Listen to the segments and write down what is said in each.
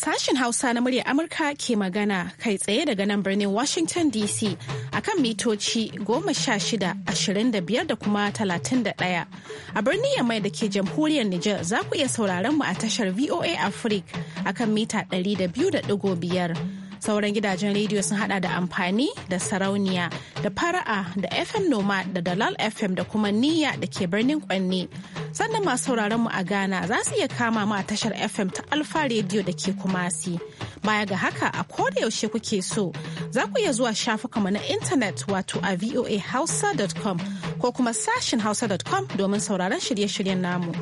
Sashen Hausa na muryar Amurka ke magana kai tsaye daga nan birnin Washington DC a kan mitoci goma sha shida ashirin da biyar da kuma talatin da ɗaya. A birnin Yamai da ke jamhuriyar Nijar za ku iya sauraron mu a tashar VOA Africa a kan mita ɗari da biyu da biyar. Sauran gidajen rediyo sun hada da amfani da sarauniya da fara'a da FM Noma da Dalal FM da kuma Niyya da ke birnin Kwanne. Sannan masu sauraron mu a Ghana za su iya kama mu a tashar FM ta Alfa rediyo da ke Kumasi. Baya ga haka a koda yaushe kuke so za ku iya zuwa shafuka mu na intanet wato a voahausa.com ko kuma sashin hausa.com domin sauraron shirye-shiryen namu.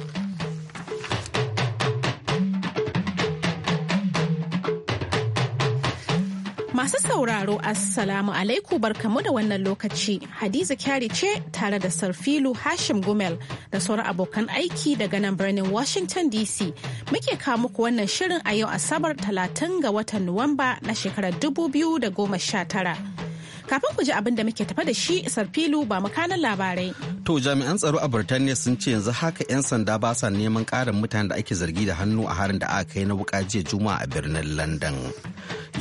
Masu sauraro Assalamu alaikum barkamu da wannan lokaci. Hadiza Kyari ce tare da Sarfilu Hashim Gumel da sauran abokan aiki daga nan birnin Washington DC. Muke kawo muku wannan shirin a yau Asabar 30 ga watan Nuwamba na shekarar 2019. Kafin ku ji abin da muke tafa da shi Sarfilu ba makanan labarai. To jami'an tsaro a Birtaniya sun ce yanzu haka 'yan sanda ba sa neman ƙarin mutane da ake zargi da hannu a harin da aka kai na wuƙa jiya Juma'a a birnin London.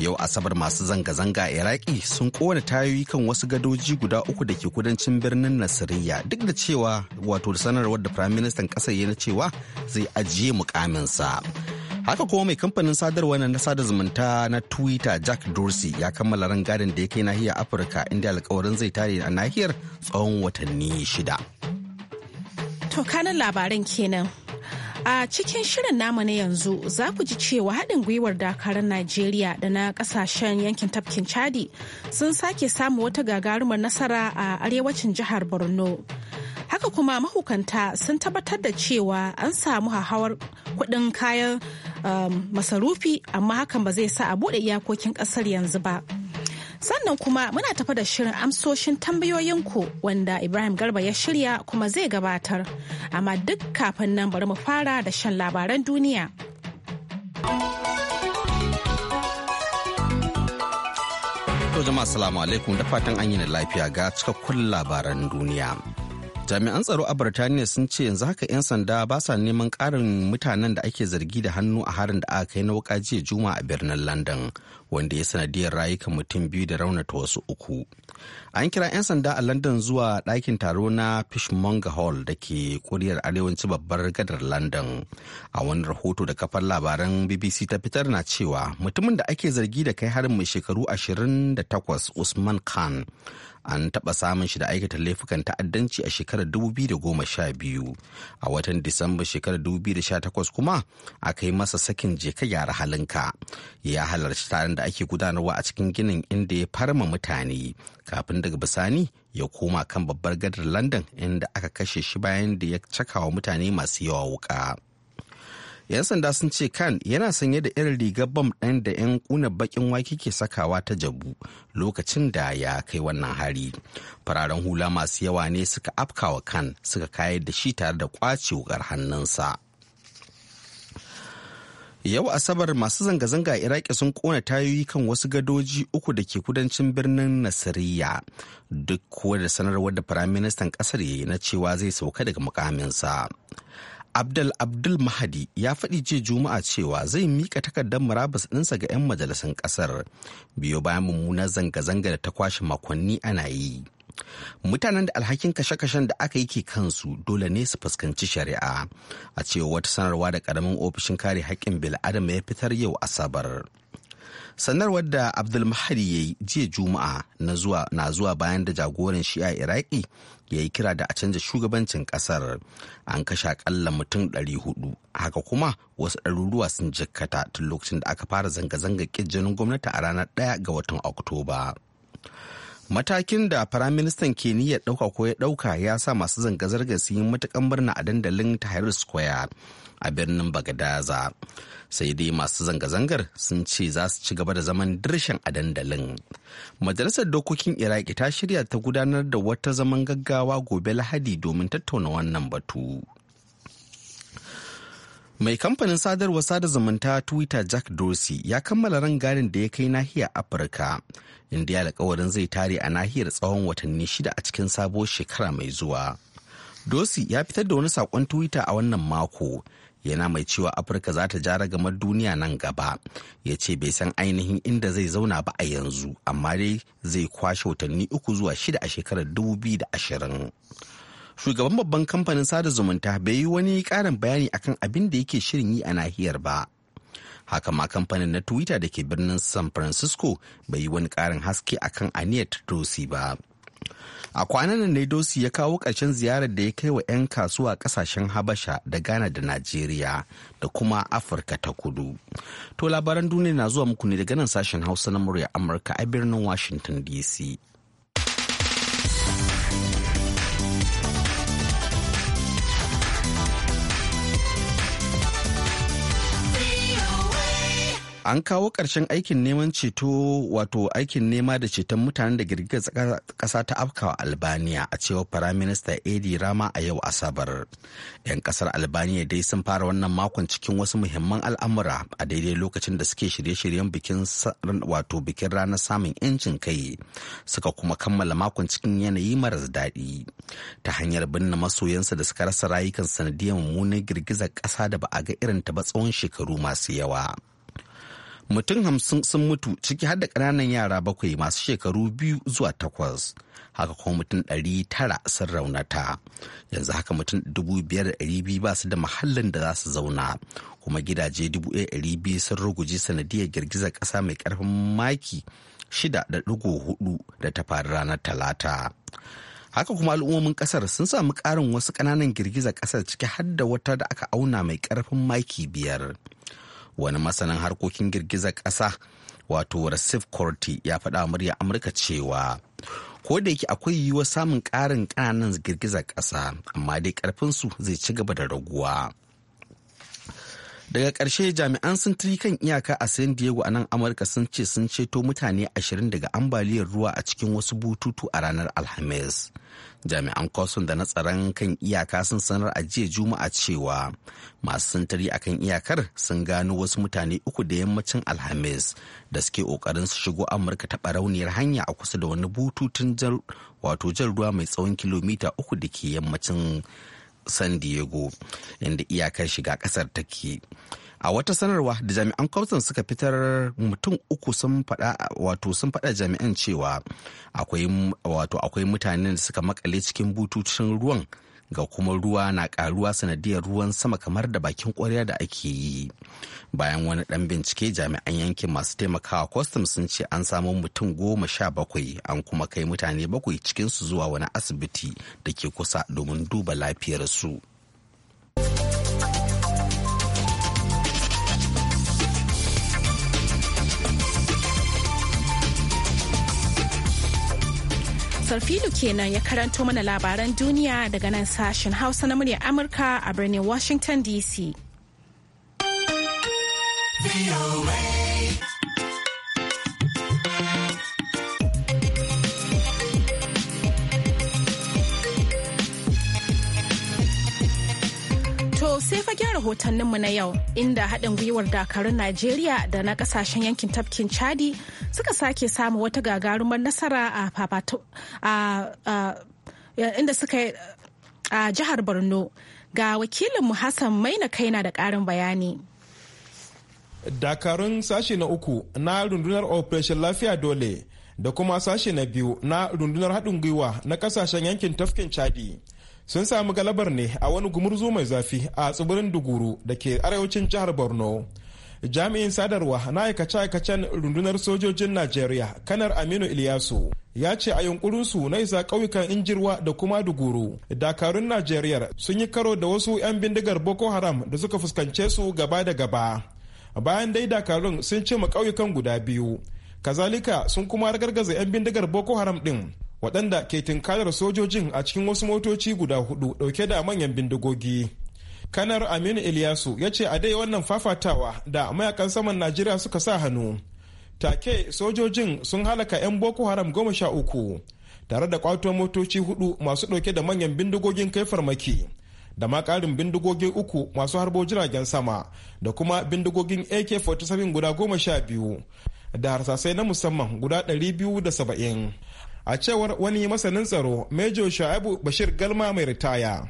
Yau Asabar masu zanga-zanga a Iraki sun kona tayoyi kan wasu gadoji guda uku da ke kudancin birnin Nasiriya duk da cewa wato da sanarwar da Firaministan ƙasar ya cewa zai ajiye mukaminsa. haka kuma mai kamfanin sadarwa na sada zumunta na twitter jack dorsey ya kammala rangadin da ya kai nahiyar afirka inda alkawarin zai tare a nahiyar tsawon watanni shida to kanan labaran kenan A cikin shirin namu na yanzu za ku ji cewa haɗin gwiwar dakarun Najeriya da na ƙasashen yankin tafkin Chadi sun sake samu wata gagarumar nasara a arewacin jihar Borno. haka kuma mahukanta sun tabbatar da cewa an samu hahawar kudin kayan um, masarufi amma hakan ba zai sa a bude iyakokin kasar yanzu ba sannan kuma muna tafa da shirin amsoshin tambayoyinku wanda ibrahim garba ya shirya kuma zai gabatar amma duk kafin nan bari mu fara da shan labaran duniya jama'a salamu alaikum da fatan an yi lafiya ga cikakkun labaran duniya jami'an tsaro a birtaniya sun ce yanzu haka 'yan sanda ba sa neman karin mutanen da ake zargi da hannu a harin da aka kai na wuka jiya juma a birnin london wanda ya sanadiyar rayukan mutum biyu da raunata wasu uku an kira 'yan sanda a london zuwa ɗakin taro na fishmonger hall da ke kuriyar arewanci babbar gadar london a wani rahoto da kafar labaran bbc ta fitar na cewa mutumin da ake zargi da kai harin mai shekaru 28 usman khan an taɓa samun shi da aikata laifukan ta'addanci a shekarar 2012 a watan disamba shekarar 2018 kuma aka yi masa sakin je ka gyara halinka ya halarci taron da ake gudanarwa a cikin ginin inda ya farma mutane kafin daga bisani ya koma kan babbar gadar london inda aka kashe shi bayan da ya cakawa mutane masu yawa wuka 'yan sanda sun ce kan yana sanye da irin rigar bam ɗin da 'yan kuna bakin wake ke sakawa ta jabu lokacin da ya kai wannan hari fararen hula masu yawa ne suka afkawa kan suka kayar da shi tare da kwace wukar hannunsa yau asabar masu zanga-zanga a iraki sun kona tayoyi kan wasu gadoji uku da ke kudancin birnin nasiriya duk kuwa da sanarwar da firaministan kasar ya yi na cewa zai sauka daga mukaminsa Abdul Abdul Mahadi ya faɗi jiya Juma'a cewa zai mika takardar murabus ɗinsa ga 'yan majalisun ƙasar biyo bayan mummunar zanga-zanga da ta kwashe makonni ana yi. Mutanen da alhakin kashe-kashen da aka yi ke kansu dole ne su fuskanci shari'a a cewa wata sanarwa da ƙaramin ofishin kare haƙƙin bil'adama ya fitar yau Asabar. sanarwar da abdul abdulmahadi ya yi jiya juma'a na zuwa bayan da jagoran shi'a iraki ya yi kira da a canza shugabancin kasar an kashe akalla mutum 400 haka kuma wasu ɗaruruwa sun jikkata tun lokacin da aka fara zanga-zanga ƙirjinin gwamnati a ranar 1 ga watan oktoba matakin da firaministan keniya ɗauka ko ya ɗauka ya sa masu zanga zanga sun yi matukan murna a dandalin tahrir square a birnin bagadaza sai dai masu zanga-zangar sun ce za su ci gaba da zaman dirshan a dandalin majalisar dokokin iraki ta shirya ta gudanar da wata zaman gaggawa gobe lahadi domin tattauna wannan batu mai kamfanin sadarwa sada zumunta twitter jack dorsey ya kammala rangadin da ya kai nahiyar afirka inda ya alkawarin zai tare a nahiyar tsawon watanni shida a cikin sabuwar shekara mai zuwa dorsey ya fitar da wani saƙon twitter a wannan mako yana mai cewa afirka za ta jara ragamar duniya nan gaba ya ce bai san ainihin inda zai zauna ba a yanzu amma dai zai kwashe watanni uku zuwa shida a shekarar dubu biyu da ashirin. shugaban babban kamfanin sada zumunta bai yi wani karin bayani akan abin da yake shirin yi a nahiyar ba haka ma kamfanin na twitter da ke birnin san francisco bai yi wani karin haske akan aniyar turosi ba a kwanan nan ne dosi ya kawo ƙarshen ziyarar da ya kai wa 'yan kasuwa ƙasashen habasha da ghana da najeriya da kuma afirka ta kudu to labaran duniya na zuwa muku ne daga nan sashen hausa na murya amurka a birnin washington dc an kawo ƙarshen aikin neman ceto wato aikin nema da ceton mutanen da girgizar ƙasa ta afkawa albaniya a cewar firaminista edi rama a yau asabar yan ƙasar albaniya dai sun fara wannan makon cikin wasu muhimman al'amura a daidai lokacin da suke shirye-shiryen bikin wato bikin ranar samun yancin kai suka kuma kammala makon cikin yanayi maras daɗi ta hanyar binne masoyansa da suka rasa rayukan sanadiyar mummunar girgizar ƙasa da ba a ga irin ta ba tsawon shekaru masu yawa. mutum hamsin sun mutu ciki har da ƙananan yara bakwai masu shekaru biyu zuwa takwas haka kuma mutum ɗari tara sun raunata yanzu haka mutum dubu biyar ɗari biyu ba su da mahallin da za su zauna kuma gidaje dubu ɗari biyu sun ruguje sanadiyar girgizar ƙasa mai ƙarfin maki shida da ɗigo hudu da ta faru ranar talata haka kuma al'ummomin ƙasar sun samu ƙarin wasu ƙananan girgizar ƙasar ciki har da wata da aka auna mai ƙarfin maki biyar wani masanin harkokin girgizar ƙasa wato rasif korti ya faɗa murya amurka cewa ko da yake akwai yiwuwar samun ƙarin ƙananan girgizar ƙasa amma dai ƙarfinsu zai ci gaba da raguwa daga ƙarshe jami'an sun tafi kan iyaka a san diego a nan amurka sun ce sun ceto mutane ashirin daga ambaliyar ruwa a cikin wasu bututu a ranar alhamis jami'an kwason da na tsaron kan iyaka sun sanar a jiya juma'a cewa masu sintiri a kan iyakar sun gano wasu mutane uku da yammacin alhamis da suke kokarin su shigo amurka ta barauniyar hanya a kusa da wani bututun wato jan ruwa mai tsawon kilomita uku da ke yammacin san diego inda iyakar shiga kasar take a wata sanarwa da jami'an kwamsan suka fitar mutum uku sun faɗa wato sun faɗa jami'an cewa akwai wato akwai mutanen da suka makale cikin bututun ruwan ga kuma ruwa na karuwa sanadiyar ruwan sama kamar da bakin kwarya da ake yi bayan wani dan bincike jami'an yankin masu taimakawa kwastam sun ce an samo mutum goma sha bakwai an kuma kai mutane bakwai cikinsu zuwa wani asibiti da ke kusa domin duba lafiyarsu. su Sarfilu kenan ya karanto mana labaran duniya daga nan sashen Hausa na murya Amurka a birnin Washington DC. To sai fagen rahotanninmu na yau inda haɗin gwiwar dakarun Najeriya da na ƙasashen yankin tafkin Chadi suka sake samu wata gagarumar nasara a fafato inda suka a jihar Borno ga wakilinmu Hassan Maina Kaina da ƙarin bayani. Dakarun sashe na uku na rundunar Operation Lafiya Dole da kuma sashe na biyu na rundunar haɗin gwiwa na ƙasashen yankin tafkin Chadi. sun sami galabar ne a wani gumurzu mai zafi a tsibirin duguru da ke arewacin jihar borno jami'in sadarwa na aikace-aikacen rundunar sojojin najeriya kanar aminu ilyasu ya ce a yunkurinsu na isa ƙauyukan injirwa da kuma duguru dakarun najeriya sun yi karo da wasu 'yan bindigar boko haram da suka fuskance su gaba da gaba bayan dai dakarun sun ce ma ƙauyukan guda biyu kazalika sun kuma ragargaza 'yan bindigar boko haram ɗin waɗanda ke tinkarar sojojin a cikin wasu motoci guda hudu ɗauke da manyan bindigogi kanar aminu iliyasu ya ce a dai wannan fafatawa da mayakan saman najeriya suka sa hannu take sojojin sun halaka 'yan boko haram goma sha uku tare da kwato motoci hudu masu ɗauke da manyan bindigogin kai farmaki da ma ƙarin bindigogi uku masu harbo jiragen sama da kuma bindigogin ak-47 guda goma sha biyu da harsasai na musamman guda 270 a cewar wani masanin tsaro mejo sha'abu bashir galma mai ritaya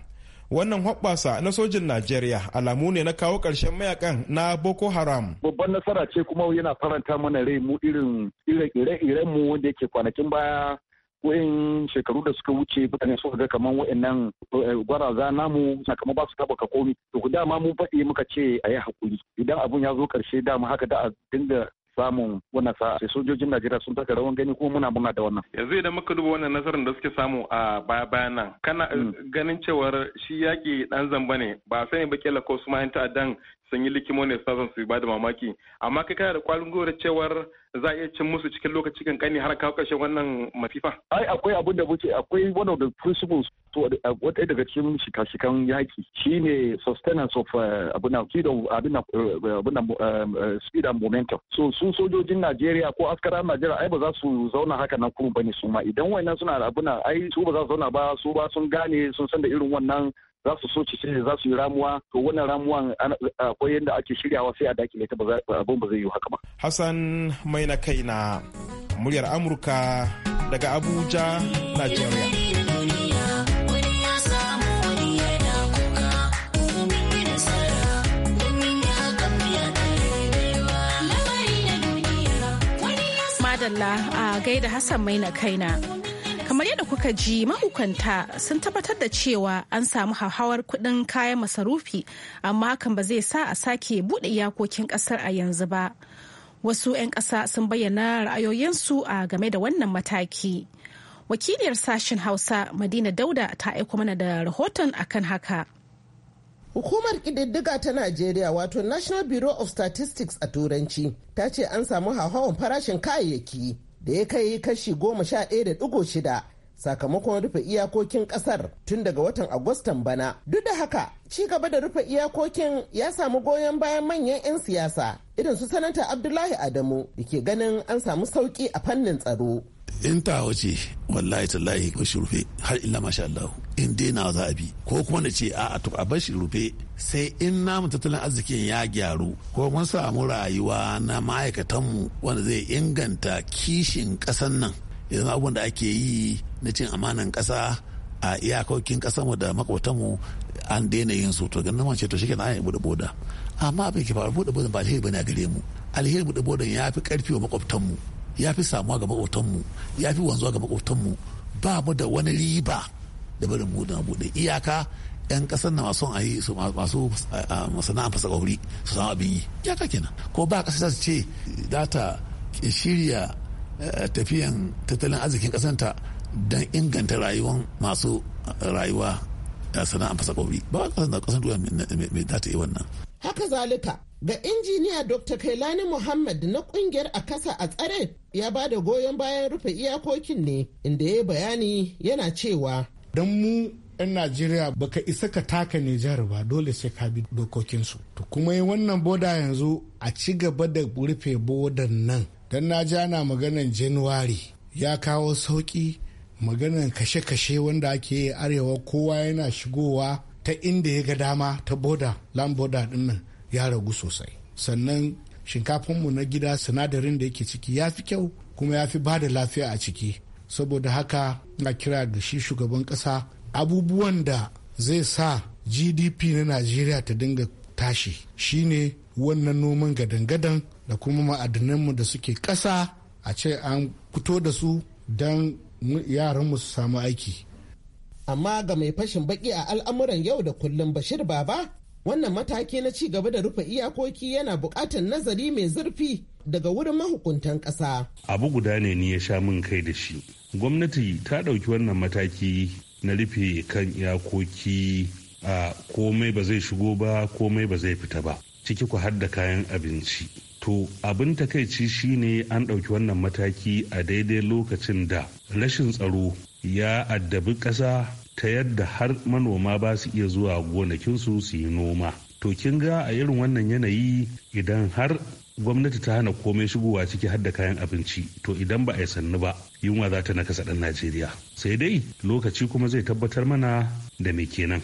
wannan hoɓɓasa na sojin najeriya alamu ne na kawo ƙarshen mayakan na boko haram babban nasara ce kuma yana faranta mana rai mu irin ire-iren mu wanda yake kwanakin baya wayan shekaru da suka wuce mutane suka ga kaman wayannan eh, gwaraza namu na kama ba su taba ka komi to dama mu faɗi muka ce a yi hakuri idan abun ya zo ƙarshe dama haka da a dinga samun wannan sa sai sojojin Najeriya sun taka rawan gani kuma muna muna da wannan. Yanzu idan muka duba wannan nasarar da suke samu a baya bayan nan kana hmm. eh, ganin cewar shi yaƙi dan zamba ne ba sai ba kila ko su ta'addan sun yi likimo ne suna su ba da mamaki amma kai kana da kwalin gwiwar cewar za a iya cin musu cikin lokaci kankani har kawo ƙarshen wannan mafifa ai akwai abin da muke akwai one of the principles to wata daga cikin shika-shikan yaki shine sustenance of eh, abin na eh, eh, speed and momentum so su sojojin najeriya ko askara najeriya ai ba za su zauna haka nan kuma bane su ma idan wannan suna da abin ai su ba za su zauna ba su ba sun gane sun san da irin wannan za su so ci za su yi ramuwa to wannan ramuwan akwai yadda ake shiryawa sai a dakile ta abin ba zai yi haka ba. Hassan mai na kai na muryar Amurka daga Abuja, Nigeria. Madalla a gaida Hassan Maina kaina. kamar yadda kuka ji mahukanta sun tabbatar da cewa an samu hauhawar kuɗin kayan masarufi amma hakan ba zai sa a sake buɗe iyakokin ƙasar a yanzu ba wasu 'yan ƙasa sun bayyana ra'ayoyinsu a game da wannan mataki wakiliyar sashen hausa madina dauda ta aiko mana da rahoton akan haka Hukumar ƙididdiga ta Najeriya wato National Bureau of Statistics a Turanci ta ce an samu hauhawar farashin kayayyaki da ya kai kashi goma sha ɗaya da ɗigo shida sakamakon rufe iyakokin kasar tun daga watan agustan bana duk da haka ci gaba da rufe iyakokin ya samu goyon bayan manyan 'yan siyasa irin su sanata abdullahi adamu da ke ganin an samu sauki a fannin tsaro in ta wace wallahi tallahi ko shi rufe har illa masha Allah in dai na za a bi ko kuma na ce a'a to a bar shi rufe sai in namu tattalin arzikin ya gyaru ko mun samu rayuwa na ma'aikatanmu wanda zai inganta kishin ƙasan nan Yanzu abin da ake yi na cin amanan kasa a iyakokin ƙasarmu da makwatanmu an daina yin su to ganin wance to shikenan an buɗe boda amma abin ke faru buɗe boda ba alheri bane a gare mu alheri buɗe boda ya fi karfi wa makwabtanmu ya fi samuwa ga makwabtanmu ya fi wanzuwa ga makwabtanmu ba mu da wani riba da barin da buɗe iyaka 'yan kasar na masu a yi masu a fasa su samu abin yi ya kenan ko ba kasar ta ce za ta shirya Eh, tafiyan tattalin arzikin kasanta don inganta rayuwar masu eh, rayuwa fasa fasakobi ba kasan da kasan duniya mai data yi wannan haka zalika ga injiniya dr kailani muhammad na kungiyar a kasa a tsare ya ba da goyon bayan rufe iyakokin ne inda ya bayani yana cewa don mu 'yan najeriya baka isa ka taka nijar ba dole sai ka bi dokokinsu to kuma yi wannan boda yanzu a ci gaba da rufe bodan nan don na ja maganan januwari ya kawo sauƙi maganan kashe-kashe wanda ake arewa kowa yana shigowa ta inda ya ga dama ta boda land boda dinnan ya ragu sosai sannan shinkafinmu na gida sinadarin da yake ciki ya fi kyau kuma ya fi bada lafiya a ciki saboda haka na kira da shi shugaban kasa abubuwan da zai sa gdp na najeriya ta dinga tashi shine wannan noman gadan-gadan da kuma ma'adananmu da suke ƙasa a ce an fito da su don yaranmu su samu aiki. Amma ga mai fashin baki a al'amuran yau da kullum Bashir Baba, wannan mataki na ci gaba da rufe iyakoki yana buƙatar nazari mai zurfi daga wurin mahukuntan ƙasa. Abu guda ne ni ya sha min kai da shi. Gwamnati ta ɗauki wannan mataki na rufe kan iyakoki a komai ba zai shigo ba komai ba zai fita ba. ciki ku hadda kayan abinci to abin takaici shine an ɗauki wannan mataki a daidai lokacin da rashin tsaro ya addabi ƙasa ta yadda har manoma ba su iya zuwa gonakinsu su yi noma to kin ga a irin wannan yanayi idan har gwamnati ta hana komai shigowa ciki hadda kayan abinci to idan ba a yi sannu ba yunwa za ta na kasa ɗan najeriya sai dai lokaci kuma zai tabbatar mana da me kenan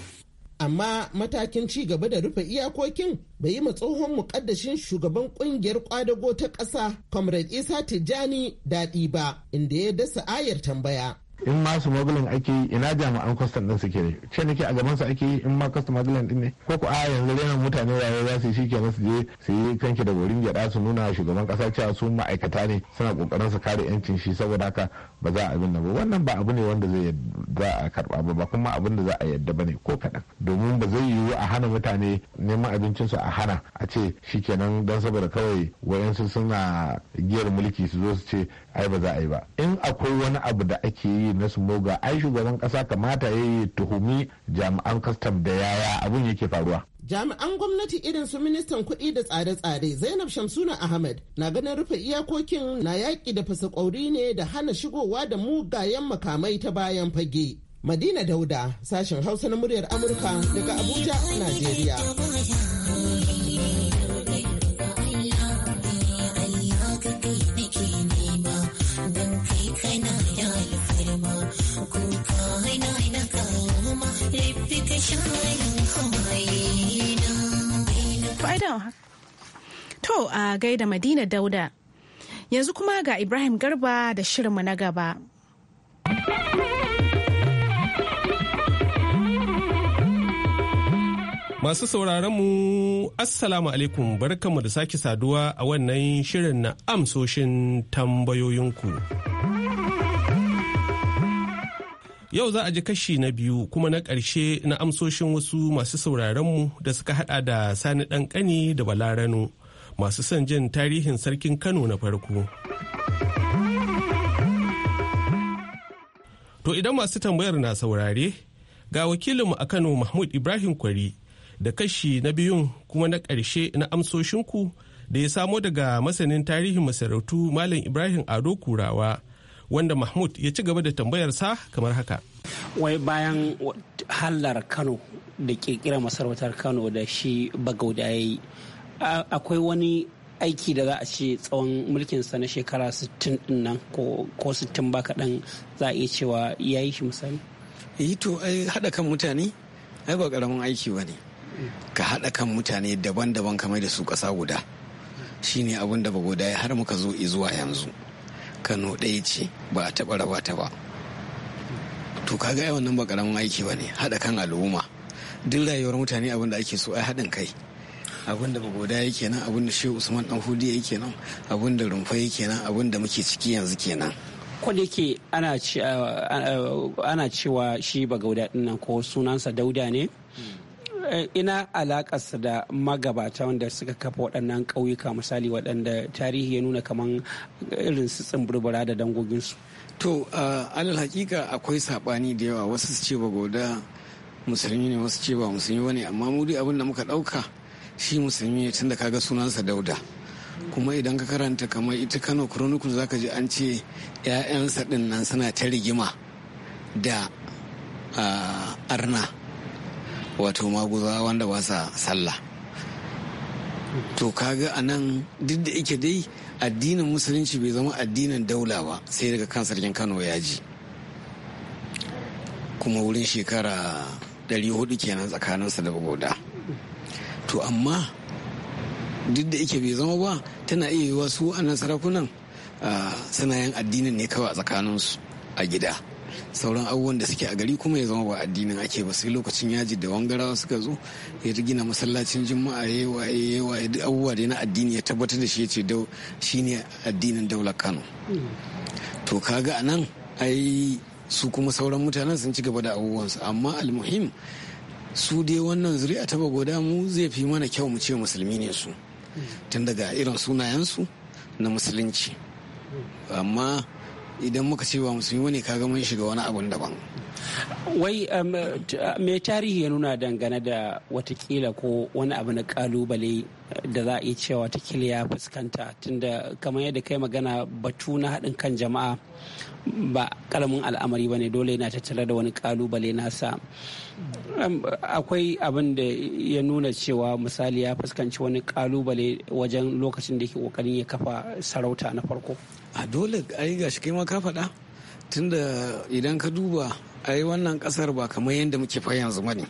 amma matakin ci gaba da rufe iyakokin bai yi ma tsohon mukaddashin shugaban kungiyar kwadago ta ƙasa comrade isa tijjani daɗi ba inda ya dasa ayar tambaya in ma su mobilin ake yi ina jami'an kwastam din suke ne ce nake a gaban su ake yi in ma kwastam din ne ko ku a yanzu mutane rayuwa za sai shi ke su je su yi kanki da borin gyada su nuna shugaban kasa cewa su ma'aikata ne suna kokarin su kare yancin shi saboda haka ba za a bin ba wannan ba abu ne wanda zai za a karba ba ba kuma abin da za a yadda bane ko kaɗan domin ba zai yiwu a hana mutane neman abincinsu a hana a ce shi kenan don saboda kawai wayansu suna giyar mulki su zo su ce ai ba za a yi ba in akwai wani abu da ake yi na moga ai shugaban kasa kamata ya yi tuhumi jami'an kastam da yaya abin yake faruwa Jami'an gwamnati irin su ministan kuɗi da tsare-tsare Zainab Shamsuna Ahmed na ganin rufe iyakokin na yaƙi da fasa ne da hana shigowa da mugayen makamai ta bayan fage. Madina Dauda, sashen Hausa na muryar Amurka daga Abuja, Najeriya. Shine. To a gaida Madina Dauda. Yanzu kuma ga Ibrahim Garba da shirinmu na gaba. Masu sauraron mu Assalamu alaikum barkanmu da sake saduwa a wannan shirin na amsoshin tambayoyinku. Yau za a ji kashi na biyu kuma na ƙarshe na amsoshin wasu masu sauraronmu da suka hada da sani ɗanƙani da balarano masu son jin tarihin sarkin Kano na farko. To idan masu tambayar na saurare, ga wakilinmu a Kano Mahmud Ibrahim Kwari da kashi na biyun kuma na ƙarshe na amsoshinku da ya samo daga masanin tarihin masarautu Malam Ibrahim Ado Kurawa, wanda Mahmud ya ci gaba da tambayarsa kamar haka. Wai bayan hallar Kano da ƙirƙirar masarautar Kano da shi bagauda ya yi akwai wani aiki da za a ce tsawon mulkinsa na shekara 60 din nan ko 60 ba kaɗan za a iya cewa ya yi shi misali? yi eh to ai haɗa kan mutane ai ba ƙaramin aiki ba ne ka haɗa kan mutane daban-daban kamar da su ƙasa guda Shi ne abin da bagoda ya har muka zo zuwa yanzu kano ɗaya ce ba a taɓa raba ta ba to ka ga yawan nan ba ƙaramin aiki ba ne haɗa kan al'umma duk rayuwar mutane abin da ake so ai haɗin kai abin da bagoda yake nan abin da shehu usman dan hudu yake nan abin da rumfa yake nan abin da muke ciki yanzu kenan kwanda yake ana cewa shi bagauda dinnan ko sunansa dauda ne eh, ina alakarsa da magabata wanda suka kafa waɗannan ƙauyuka misali waɗanda tarihi ya nuna kamar irin su tsumburbura da dangoginsu to alal hakika akwai saɓani da yawa wasu su ce bagauda musulmi ne wasu ce ba musulmi ne amma mu dai abin da muka ɗauka shi musulmi ne tun da kaga sunansa dauda kuma idan ka karanta kamar ita kano chronicles zaka ji an ce 'ya'yansa din nan suna ta rigima da arna wato maguza wanda ba sa sallah to kaga a nan duk da ike dai addinin musulunci bai zama addinin daula ba sai daga kan sarkin kano ya ji kuma wurin shekara 400 kenan tsakaninsa da bagoda. to amma duk da ike bai zama ba tana iya yi su wa'annan sarakunan sanayen addinin ne kawai a tsakaninsu a gida sauran abubuwan da suke a gari kuma ya zama ba addinin ake ba sai lokacin yaji da wangarawa suka zo ya gina masallacin juma'a ya waye ya waye duk abubuwa da na addini ya tabbatar da shi ya ce shi ne addinin daular kano to kaga anan ai su kuma sauran mutanen sun ci gaba da abubuwansu amma almuhim su dai wannan zuri'a ta goda mu zai fi mana kyau mu ce musulmi ne su tun daga irin sunayensu na musulunci amma idan muka ce ba musulmi wani kaga mun shiga wani abun daban wai mai um, tarihi ya nuna dangane da watakila ko wani abu na kalubale da za a iya cewa watakila ya fuskanta tunda kamar yadda kai magana batu na haɗin kan jama'a ba kalamin al'amari ba ne dole yana tattare da wani kalubale nasa um, akwai abin da ya nuna cewa misali ya fuskanci wani kalubale wajen lokacin da yake kokarin ya kafa sarauta na farko a dole ai gashi kai ma ka faɗa tunda idan ka duba a yi wannan kasar ba kamar yadda muke fa yanzu ba ne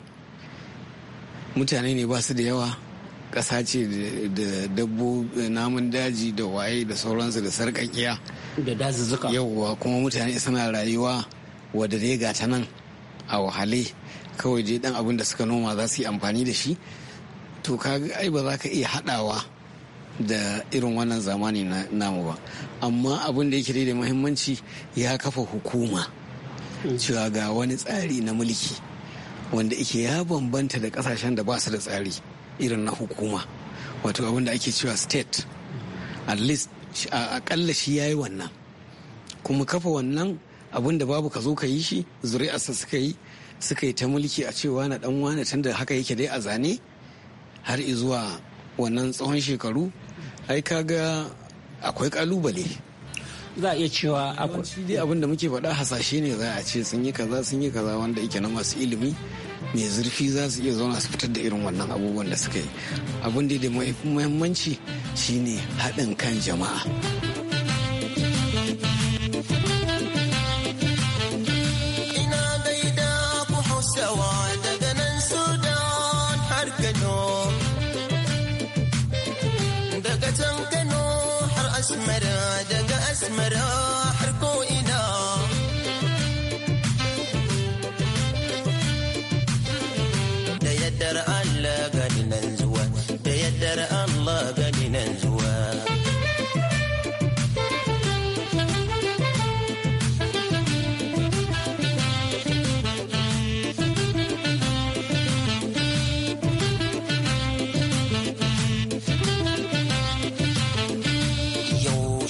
mutane ne ba su da yawa ƙasa ce da dabbo namun daji da waye da sauransu da sarƙaƙiya da dazuzzuka yawwa kuma mutane suna rayuwa wadda dai ga ta nan a wahale kawai dai dan abin da suka noma za su yi amfani da shi to ka ai ba za ka iya haɗawa da irin wannan zamani namu ba amma abin da yake da muhimmanci ya kafa hukuma mm. cewa ga wani tsari na mulki wanda yake ya bambanta da kasashen da ba su da tsari irin na hukuma wato abin da ake cewa state at least akalla shi ya yi wannan kuma kafa wannan abin da babu ka zo ka yi shi zuri'arsa suka yi suka yi ta mulki a cewa na dan tun tunda haka yake dai a zane har zuwa wannan tsawon shekaru ai kaga akwai kalubale za a iya cewa dai abin da muke faɗa hasashe ne za a ce sun yi kaza sun yi kaza wanda yake na masu ilimi mai zurfi za su iya zauna su fitar da irin wannan abubuwan da suka yi abin da da muhimmanci shine haɗin kan jama'a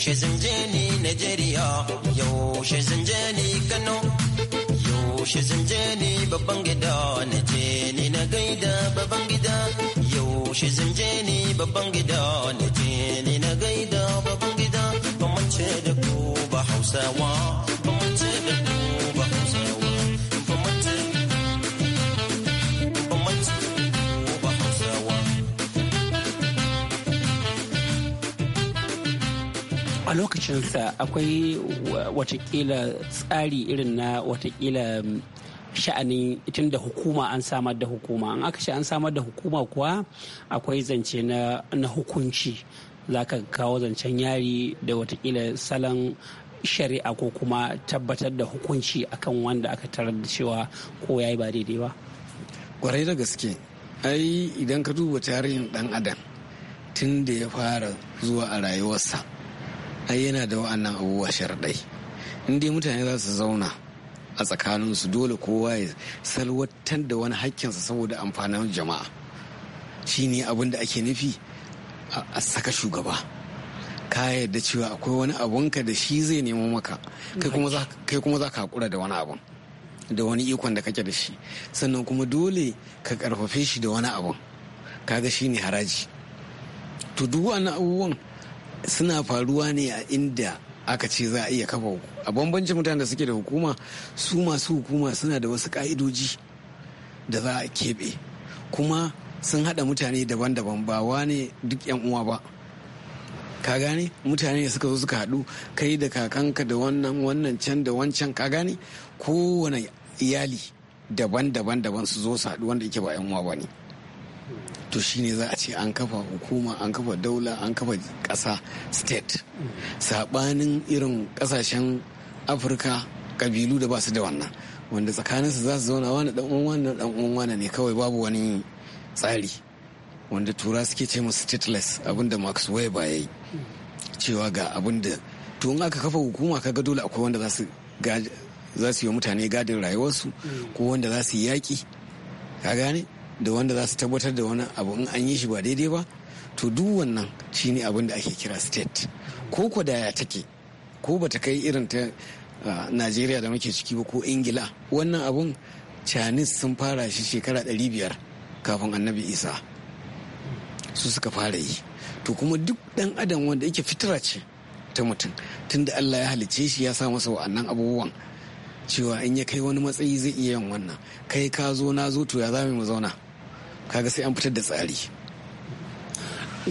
yaushe zan je ni Najeriya yaushe zan je ni Kano yaushe zan je ni babban gida na je ni na gaida babban gida yaushe zan je ni babban gida na je ni na gaida babban gida ban mance da ku ba Hausawa a lokacinsa akwai watakila tsari irin na watakila mm, sha'anin tun da hukuma an samar da hukuma an aka an samar da hukuma kuwa akwai zance na hukunci za ka kawo zancen yari da watakila salon shari'a ko kuma tabbatar da hukunci akan wanda aka tarar da cewa ko ya yi ba daidai ba kwarai da gaske ai idan ka duba tarihin dan adam tun da ya fara zuwa a rayuwarsa ai yana da wa'annan abubuwa sharaɗai in dai mutane za su zauna a tsakaninsu dole kowa ya salwatar da wani hakkinsa saboda amfanin jama'a shi ne abin da ake nufi a saka shugaba ka yarda cewa akwai wani abunka da shi zai nemo maka kai kuma za ka hakura da wani abun da wani ikon da kake da shi sannan kuma dole ka karfafe shi da wani abun kaga shi ne haraji to duk wani abubuwan suna faruwa ne a inda aka ce za a iya kafa hukuma a bambancin mutane da suke da hukuma su masu hukuma suna da wasu ka'idoji da za a keɓe kuma sun haɗa mutane daban-daban ba wane duk yan uwa ba ka gane mutane suka zo suka haɗu kai da kakanka da wannan wannan can da wancan ka gane kowane iyali daban-daban daban su zo su haɗu wanda yake ba yan uwa ba ne to shine za a ce an kafa hukuma an kafa daula an kafa kasa state saɓanin irin kasashen afirka kabilu da ba su da wannan wanda tsakaninsu za su zauna wani dan uwan wani dan uwan wani ne kawai babu wani tsari wanda tura suke ce musu stateless abinda max weber yayi cewa ga abinda to in aka kafa hukuma kaga dole akwai wanda za su yi mutane gadin rayuwarsu ko wanda za su yi yaƙi ka gane da wanda za su tabbatar da wani abu in an yi shi ba daidai ba to duk wannan shi ne abin da ake kira state ko ko take ko bata kai irin ta najeriya da muke ciki ba ko ingila wannan abun chinese sun fara shi shekara biyar kafin annabi isa su suka fara yi to kuma duk dan adam wanda yake fitira ce ta mutum tunda allah ya halicce shi ya sa masa wa'annan abubuwan cewa in ya kai wani matsayi zai iya yin wannan kai ka zo na zo to ya za mu zauna kaga sai an fitar da tsari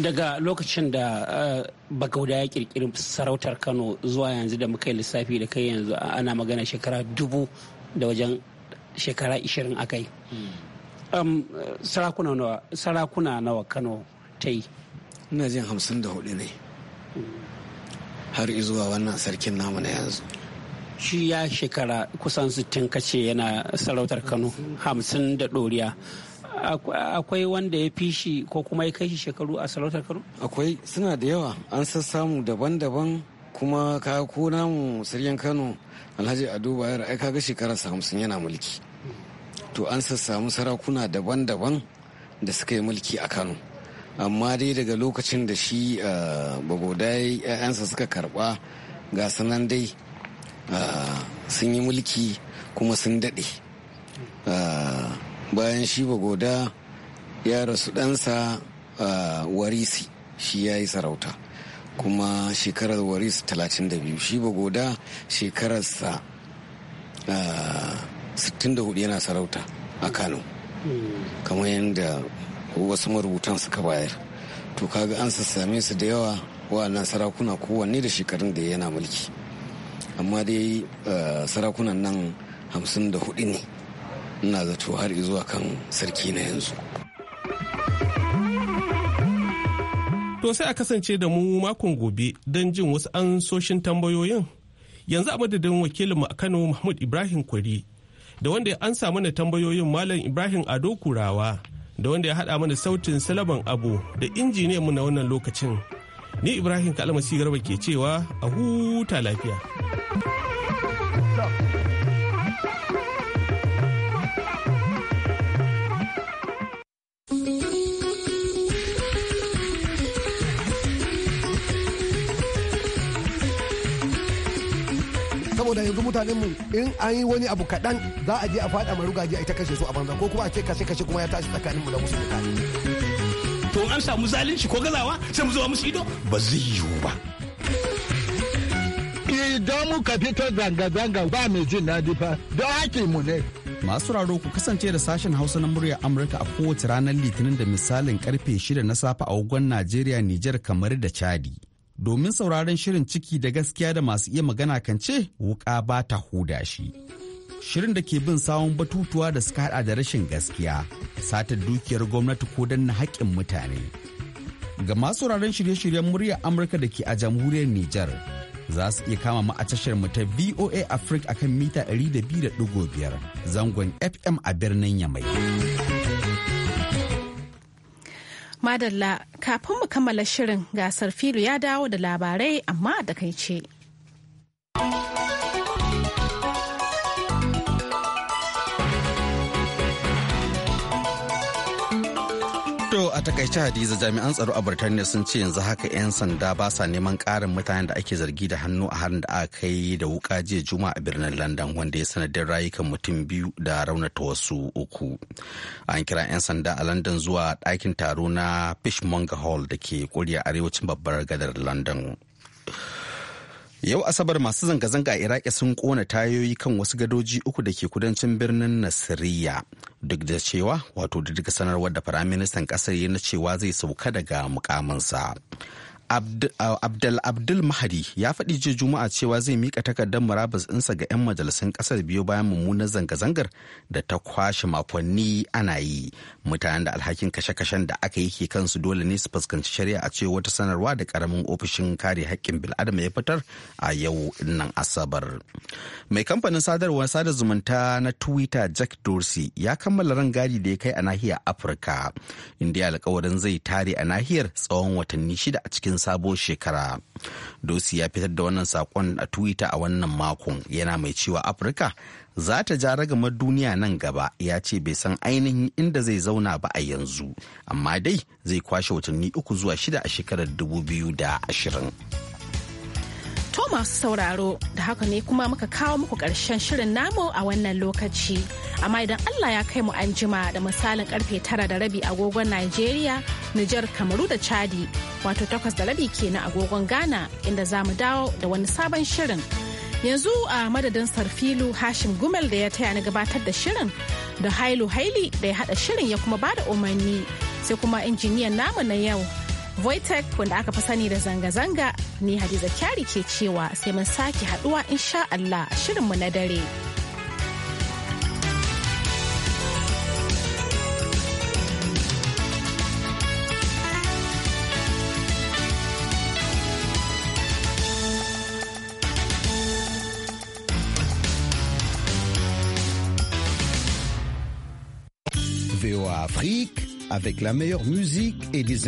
daga lokacin da eh, bagauda ya kirkiri sarautar kano zuwa yanzu da muka yi lissafi da kai yanzu ana magana shekara dubu da wajen shekara ishirin a kai hmm. um, sarakuna nawa kano ta yi ina jin hamsin da hudu ne har zuwa wannan sarkin namu na yanzu shi ya shekara kusan sittin kace yana sarautar kano hamsin da ɗoriya akwai wanda ya fi shi ko kuma ya kai shi shekaru a sarautar kano akwai suna da yawa an sassamu daban-daban kuma ka ko namu siryan kano alhaji ado bayar ai kaga shekararsa hamsin yana mulki to an sassamu sarakuna daban-daban da suka yi mulki a kano amma dai daga lokacin da shi ah, bagodai 'ya'yansa suka karba ga sanan dai ah, sun yi mulki kuma sun daɗe ah, bayan shi goda ya rasu ɗansa a warisi shi ya yi sarauta kuma shekarar warisi 32 shi goda shekararsa 64 yana sarauta a kano kamar yadda wasu marubutan suka bayar to kaga an sassame su da yawa wa'annan sarakuna kowanne da shekarun da yana mulki amma dai sarakunan nan 54 ne ina zato har zuwa kan sarki na yanzu to sai a kasance da mu makon gobe don jin wasu ansoshin tambayoyin yanzu a madadin wakilinmu a kano mahmud ibrahim kwari da wanda ya ansa mana tambayoyin malam ibrahim ado kurawa da wanda ya haɗa mana sautin salaban abu da injiniyan mu na wannan lokacin ni ibrahim kalmasi garba ke cewa a huta lafiya yanzu mutanen mu in an yi wani abu kaɗan za a je a faɗa marugaji a ita kashe su a banza ko kuma a ce kashe kashe kuma ya tashi tsakanin mu da musu mutane. to an samu zalunci ko gazawa sai mu zo musu ido ba zai yiwu ba. idan muka fito zanga-zanga ba mai jin daɗi fa don haƙi mu ne. Masu raro ku kasance da sashen Hausa na muryar Amurka a kowace ranar Litinin da misalin karfe 6 na safe a wagon Najeriya, Nijar, kamar da Chadi. domin sauraron shirin ciki da gaskiya da masu iya magana kan ce wuka ba ta huda shi. Shirin da ke bin sawun batutuwa da suka hada da rashin gaskiya, Sata dukiyar gwamnati ko danna haƙƙin mutane. Ga masu sauraron shirye-shiryen muryar Amurka da ke a jamhuriyar Nijar, za su iya kama mu a tashar mu ta VOA Africa akan mita 200.5 zangon FM a birnin Yamai. Madalla kafin mu kammala shirin gasar filu ya dawo da labarai amma da kai ce. a takaice hadiza jami'an tsaro a burtaniya sun ce yanzu haka 'yan sanda ba sa neman karin mutanen da ake zargi da hannu a harin da aka kai da wuka jiya juma a birnin london wanda ya sanadin rayukan mutum biyu da raunata wasu uku an kira 'yan sanda a london zuwa ɗakin taro na fishmonger hall da ke kuriya arewacin babbar gadar london Yau Asabar masu zanga-zanga a Iraki sun kona tayoyi kan wasu gadoji uku da ke kudancin birnin Nasiriya. Duk da cewa wato da duka sanarwar da Firaministan ƙasar ya na cewa zai sauka daga mukaminsa. Uh, Abdul Abdul Mahadi ya faɗi jiya Juma'a cewa zai mika takardar murabus ɗinsa ga 'yan majalisun ƙasar biyu bayan mummunar zanga-zangar da ta kwashe makonni ana yi. Mutanen da alhakin kashe-kashen da aka yi ke kansu dole ne su fuskanci shari'a a ce wata sanarwa da karamin ofishin kare haƙƙin bil'adama ya fitar a yau nan Asabar. Mai kamfanin sadarwar sada zumunta na Twitter Jack Dorsey ya kammala rangadi da ya kai a nahiyar Afirka. Inda alƙawarin zai tare a nahiyar tsawon watanni shida a cikin sabuwar shekara dosi ya fitar da wannan sakon a twitter a wannan makon yana mai cewa afirka za ta ja ragamar duniya nan gaba ya ce bai san ainihin inda zai zauna ba a yanzu amma dai zai kwashe watanni uku zuwa shida a shekarar 2020 ko masu sauraro da haka ne kuma muka kawo muku ƙarshen shirin namu a wannan lokaci. Amma idan Allah ya kai mu anjima da misalin karfe tara da rabi agogon Najeriya, Nijar, Kamaru da Chadi, wato takwas da rabi ke kenan agogon Ghana inda za mu dawo da wani sabon shirin. Yanzu a madadin Sarfilu Hashim Gumel da ya taya ni gabatar da shirin da Hailu Haili da ya hada shirin ya kuma bada umarni sai kuma injiniyan namu na yau Voitech wanda aka fi sani da zanga-zanga ni Hadiza Kyari ke cewa sai mun sake haduwa insha Allah shirinmu na dare. VOA Afrique avec la meilleure musique et des